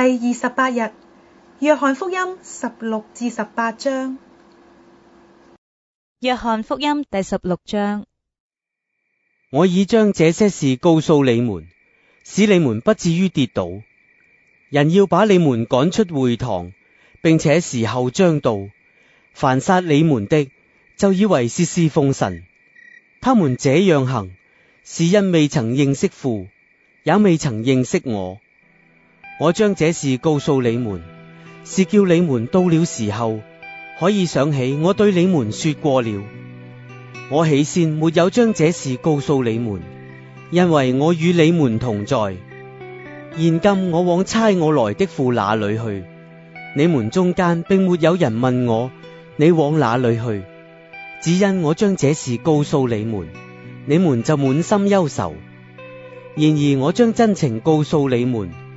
第二十八日，約翰福音十六至十八章。約翰福音第十六章，我已將這些事告訴你們，使你們不至於跌倒。人要把你們趕出會堂，並且時候將到，凡殺你們的，就以為是事奉神。他們這樣行，是因未曾認識父，也未曾認識我。我將這事告訴你們，是叫你們到了時候可以想起我對你們說過了。我起先沒有將這事告訴你們，因為我與你們同在。現今我往差我來的父那裏去，你們中間並沒有人問我，你往哪裏去，只因我將這事告訴你們，你們就滿心憂愁。然而我將真情告訴你們。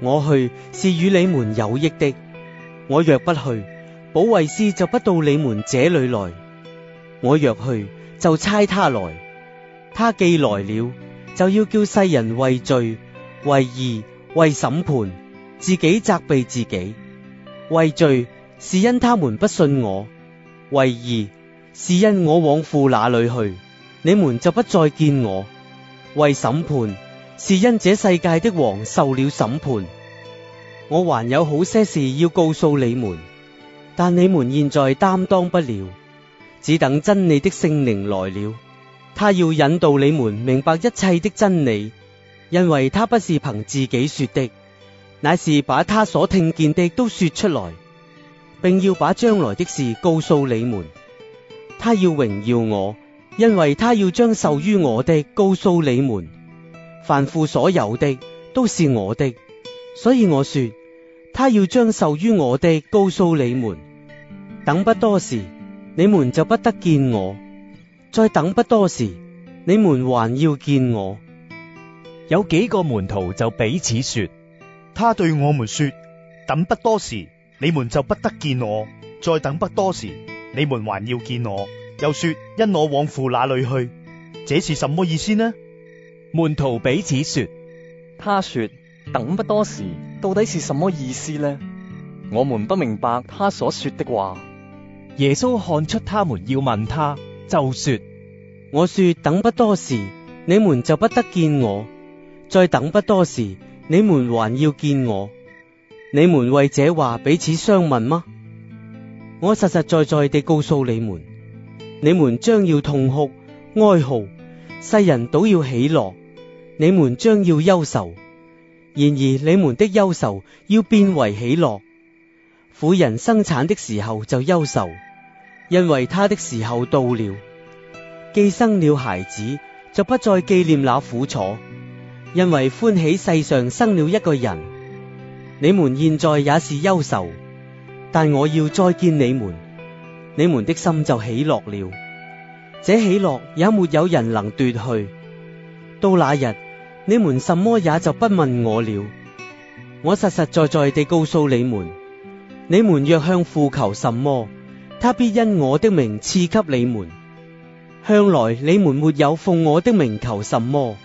我去是與你們有益的。我若不去，保惠師就不到你們這裏來；我若去，就差他來。他既來了，就要叫世人為罪、為義、為審判，自己責備自己。為罪是因他們不信我；為義是因我往父那裏去，你們就不再見我。為審判。是因這世界的王受了審判，我還有好些事要告訴你們，但你們現在擔當不了，只等真理的聖靈來了，他要引導你們明白一切的真理，因為他不是憑自己說的，乃是把他所聽見的都說出來，並要把將來的事告訴你們。他要榮耀我，因為他要將受於我的告訴你們。凡父所有的都是我的，所以我說，他要將受於我的告訴你們。等不多時，你們就不得見我；再等不多時，你們還要見我。有幾個門徒就彼此說：他對我們說，等不多時，你們就不得見我；再等不多時，你們還要見我。又說：因我往父那裏去，這是什麼意思呢？門徒彼此說：他說等不多時，到底是什麼意思呢？我們不明白他所說的話。耶穌看出他們要問他，就說：我說等不多時，你們就不得見我；再等不多時，你們還要見我。你們為這話彼此相問嗎？我實實在在，在地告訴你們，你們將要痛哭哀號。」世人都要喜樂，你們將要憂愁；然而你們的憂愁要變為喜樂。婦人生產的時候就憂愁，因為她的時候到了。既生了孩子，就不再紀念那苦楚，因為歡喜世上生了一個人。你們現在也是憂愁，但我要再見你們，你們的心就喜樂了。這喜樂也沒有人能奪去。到那日，你們什麼也就不問我了。我實實在在地告訴你們：你們若向父求什麼，他必因我的名賜給你們。向來你們沒有奉我的名求什麼，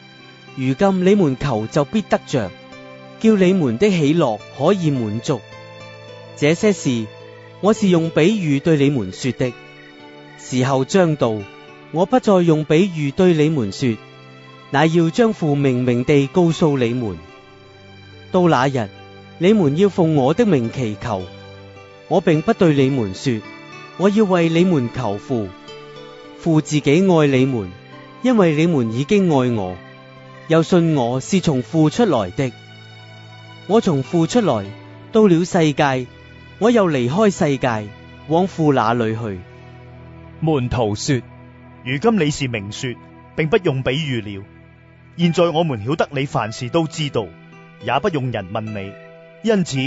如今你們求就必得着，叫你們的喜樂可以滿足。這些事我是用比喻對你們說的，時候將到。我不再用比喻對你們說，乃要將父明明地告訴你們。到那日，你們要奉我的名祈求。我並不對你們說，我要為你們求父，父自己愛你們，因為你們已經愛我，又信我是從父出來的。我從父出來，到了世界，我又離開世界，往父那裏去。門徒說。如今你是明說，並不用比喻了。現在我們曉得你凡事都知道，也不用人問你，因此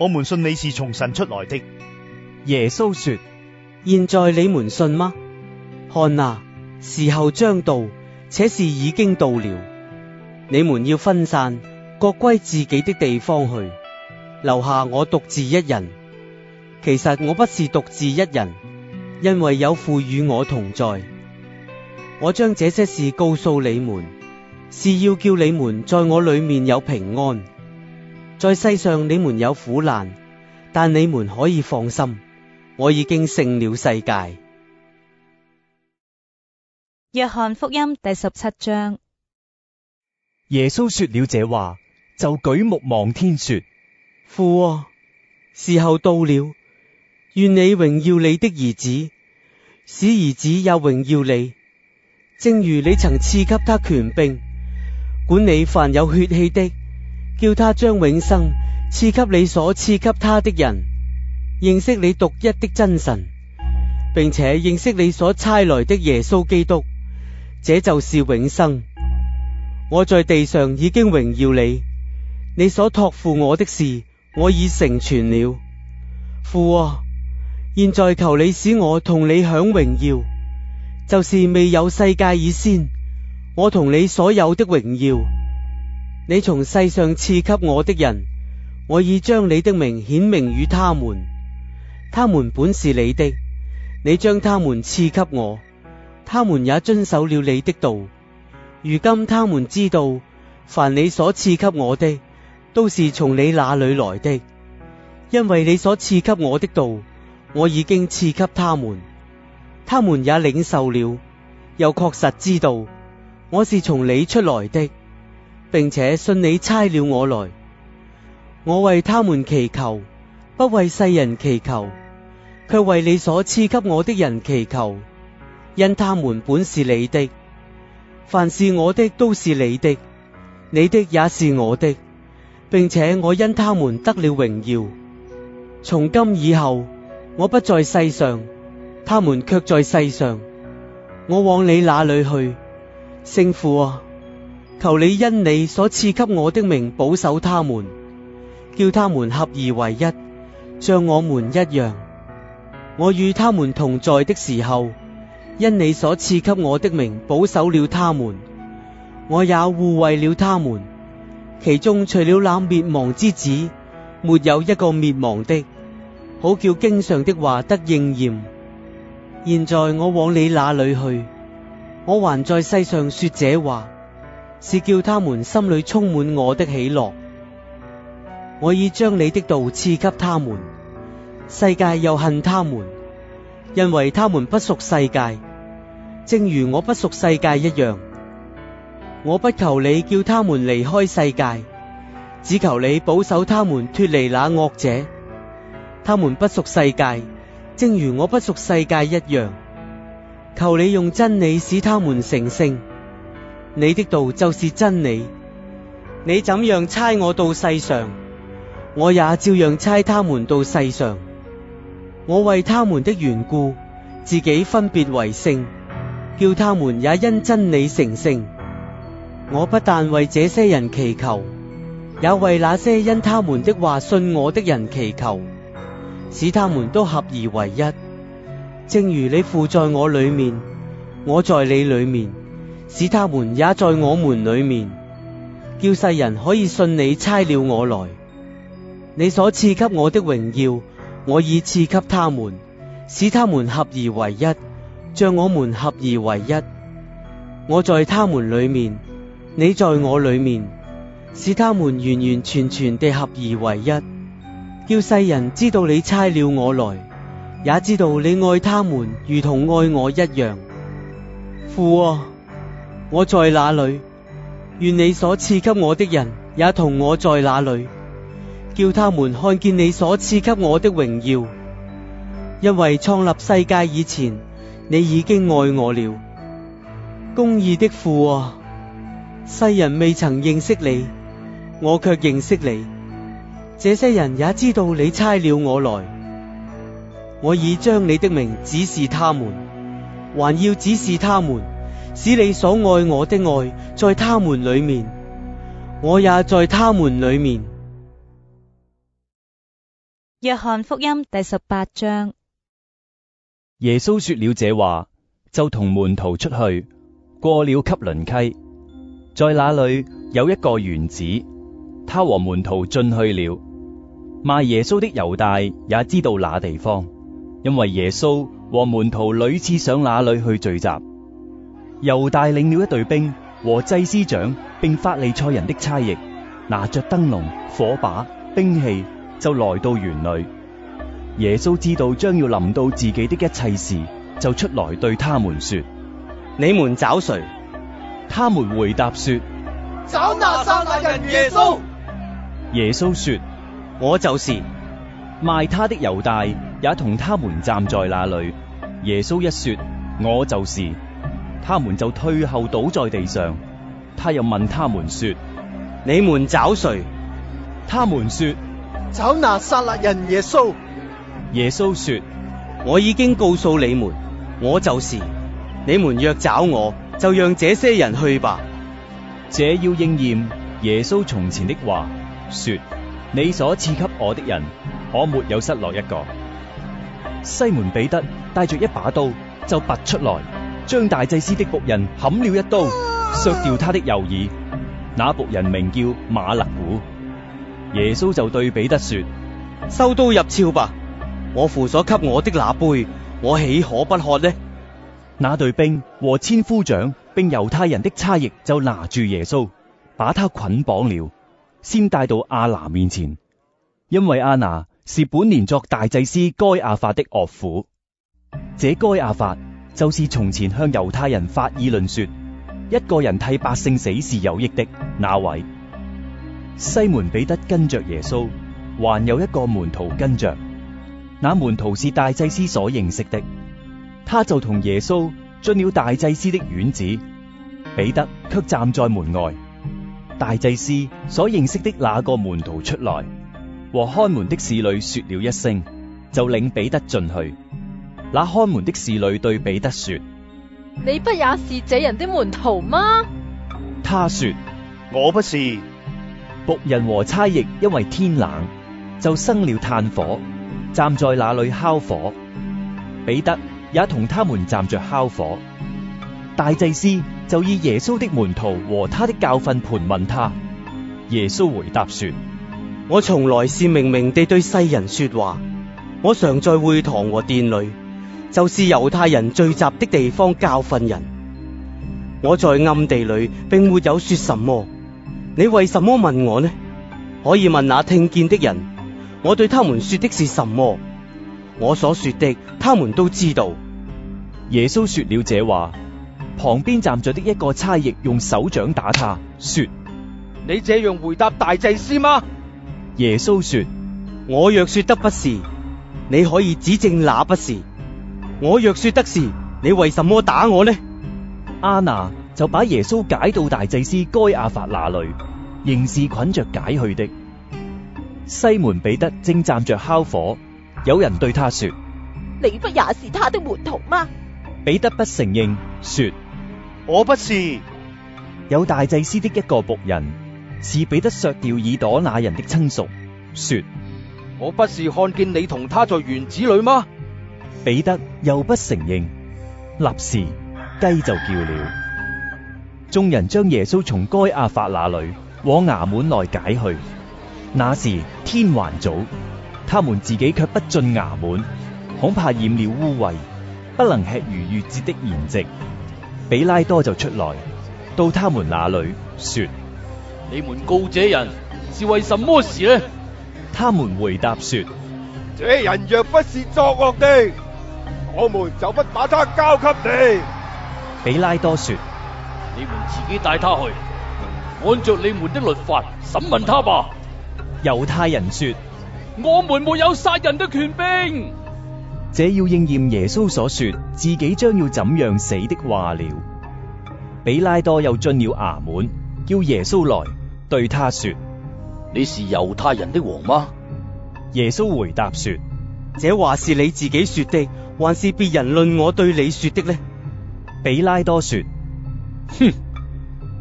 我們信你是從神出來的。耶穌說：現在你們信嗎？看啊，時候將到，且是已經到了，你們要分散，各歸自己的地方去，留下我獨自一人。其實我不是獨自一人，因為有父與我同在。我將這些事告訴你們，是要叫你們在我裏面有平安。在世上你們有苦難，但你們可以放心，我已經勝了世界。約翰福音第十七章。耶穌說了這話，就舉目望天說：父啊，時候到了，願你榮耀你的兒子，使兒子也榮耀你。正如你曾賜給他權柄，管理凡有血氣的，叫他將永生賜給你所賜給他的人。認識你獨一的真神，並且認識你所差來的耶穌基督，這就是永生。我在地上已經榮耀你，你所託付我的事，我已成全了。父啊，現在求你使我同你享榮耀。就是未有世界以先，我同你所有的榮耀，你從世上賜給我的人，我已將你的名顯明於他們。他們本是你的，你將他們賜給我，他們也遵守了你的道。如今他們知道，凡你所賜給我的，都是從你那裏來的，因為你所賜給我的道，我已經賜給他們。他們也領受了，又確實知道我是從你出來的，並且信你差了我來。我為他們祈求，不為世人祈求，卻為你所賜給我的人祈求，因他們本是你的。凡是我的，都是你的；你的也是我的，並且我因他們得了榮耀。從今以後，我不在世上。他們卻在世上，我往你那裏去，聖父啊，求你因你所賜給我的名保守他們，叫他們合而為一，像我們一樣。我與他們同在的時候，因你所賜給我的名保守了他們，我也護衛了他們。其中除了那滅亡之子，沒有一個滅亡的。好叫經上的話得應驗。現在我往你那裏去，我還在世上說這話，是叫他們心裏充滿我的喜樂。我已將你的道賜給他們，世界又恨他們，因為他們不屬世界，正如我不屬世界一樣。我不求你叫他們離開世界，只求你保守他們脫離那惡者。他們不屬世界。正如我不屬世界一樣，求你用真理使他們成聖。你的道就是真理。你怎樣差我到世上，我也照樣差他們到世上。我為他們的緣故，自己分別為聖，叫他們也因真理成聖。我不但為這些人祈求，也為那些因他們的話信我的人祈求。使他們都合而為一，正如你父在我裏面，我在你裏面，使他們也在我們裏面，叫世人可以信你差了我來。你所賜給我的榮耀，我已賜給他們，使他們合而為一，像我們合而為一。我在他們裏面，你在我裏面，使他們完完全全地合而為一。叫世人知道你差了我來，也知道你愛他們如同愛我一樣。父啊，我在哪裏？願你所賜給我的人也同我在哪裏，叫他們看見你所賜給我的榮耀。因為創立世界以前，你已經愛我了。公義的父啊，世人未曾認識你，我却認識你。這些人也知道你差了我來，我已將你的名指示他們，還要指示他們，使你所愛我的愛在他們裏面，我也在他們裏面。約翰福音第十八章。耶穌說了這話，就同門徒出去，過了汲淪溪，在那裏有一個園子，他和門徒進去了。賣耶穌的猶大也知道那地方，因為耶穌和門徒屢次上那裏去聚集。猶大領了一隊兵和祭司長，並法利賽人的差役，拿着燈籠、火把、兵器，就來到園裏。耶穌知道將要臨到自己的一切事，就出來對他們說：你們找誰？他們回答說：找拿撒勒人耶穌。耶穌說。我就是賣他的猶大也同他們站在那裏。耶穌一說，我就是，他們就退後倒在地上。他又問他們說：你們找誰？他們說：找拿撒勒人耶穌。耶穌說：我已經告訴你們，我就是。你們若找我，就讓這些人去吧。這要應驗耶穌從前的話說。你所賜給我的人，可沒有失落一個。西門彼得帶着一把刀，就拔出來，將大祭司的僕人砍了一刀，削掉他的右耳。那僕人名叫馬勒古。耶穌就對彼得說：收刀入鞘吧，我父所給我的那杯，我豈可不喝呢？那隊兵和千夫長，並猶太人的差役就拿住耶穌，把他捆綁了。先帶到阿拿面前，因為阿拿是本年作大祭司該亞法的岳父。這該亞法就是從前向猶太人發議論說，一個人替百姓死是有益的那位。西門彼得跟着耶穌，還有一個門徒跟着。那門徒是大祭司所認識的，他就同耶穌進了大祭司的院子，彼得却站在門外。大祭司所認識的那個門徒出來，和看門的侍女說了一聲，就領彼得進去。那看門的侍女對彼得說：你不也是這人的門徒嗎？他說：我不是。僕人和差役因為天冷，就生了炭火，站在那裏烤火。彼得也同他們站着烤火。大祭司就以耶穌的門徒和他的教訓盤問他。耶穌回答說：我從來是明明地對世人說話，我常在會堂和殿裏，就是猶太人聚集的地方教訓人。我在暗地裏並沒有說什麼，你為什麼問我呢？可以問那聽見的人，我對他們說的是什麼？我所說的，他們都知道。耶穌說了這話。旁邊站着的一個差役用手掌打他，說：你這樣回答大祭司嗎？耶穌說：我若說得不是，你可以指證那不是；我若說得是，你為什麼打我呢？阿娜就把耶穌解到大祭司該亞法那裏，仍是捆着解去的。西門彼得正站着烤火，有人對他說：你不也是他的門徒嗎？彼得不承認，說。我不是。有大祭司的一個僕人，是彼得削掉耳朵那人的親屬，說：我不是看見你同他在園子裏嗎？彼得又不承認，立時雞就叫了。眾人將耶穌從該亞法那裏往衙門內解去。那時天還早，他們自己卻不進衙門，恐怕染了污穢，不能吃逾越節的筵席。比拉多就出來到他們那裏說：你們告這人是為什麼事呢？他們回答說：這人若不是作惡的，我們就不把他交給你。比拉多說：你們自己帶他去，按照你們的律法審問他吧。猶太人說：我們沒有殺人的權柄。這要應驗耶穌所說自己將要怎樣死的話了。彼拉多又進了衙門，叫耶穌來對他說：你是猶太人的王嗎？耶穌回答說：這話是你自己說的，還是別人論我對你說的呢？彼拉多說：哼，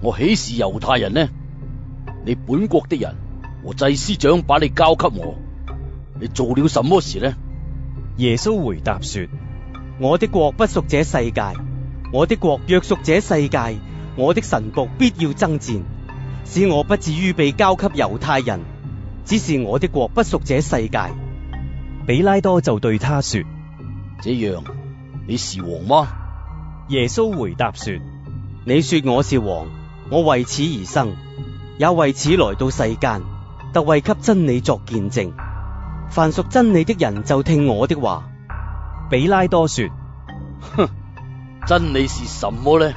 我豈是猶太人呢？你本國的人和祭司長把你交給我，你做了什麼事呢？耶穌回答說：我的國不屬這世界，我的國若屬這世界，我的神僕必要爭戰，使我不至於被交給猶太人。只是我的國不屬這世界。彼拉多就對他說：這樣你是王嗎？耶穌回答說：你說我是王，我為此而生，也為此來到世間，特為給真理作見證。凡屬真理的人就聽我的話。彼拉多說：哼，真理是什麼呢？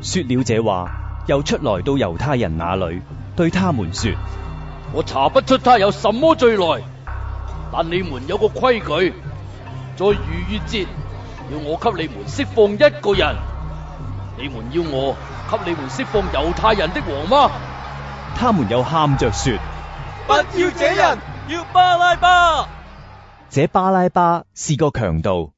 說了這話，又出來到猶太人那裏，對他們說：我查不出他有什麼罪來，但你們有個規矩，在逾越節要我給你們釋放一個人，你們要我給你們釋放猶太人的王嗎？他們又喊着說：不要這人。要巴拉巴，這巴拉巴是個強盜。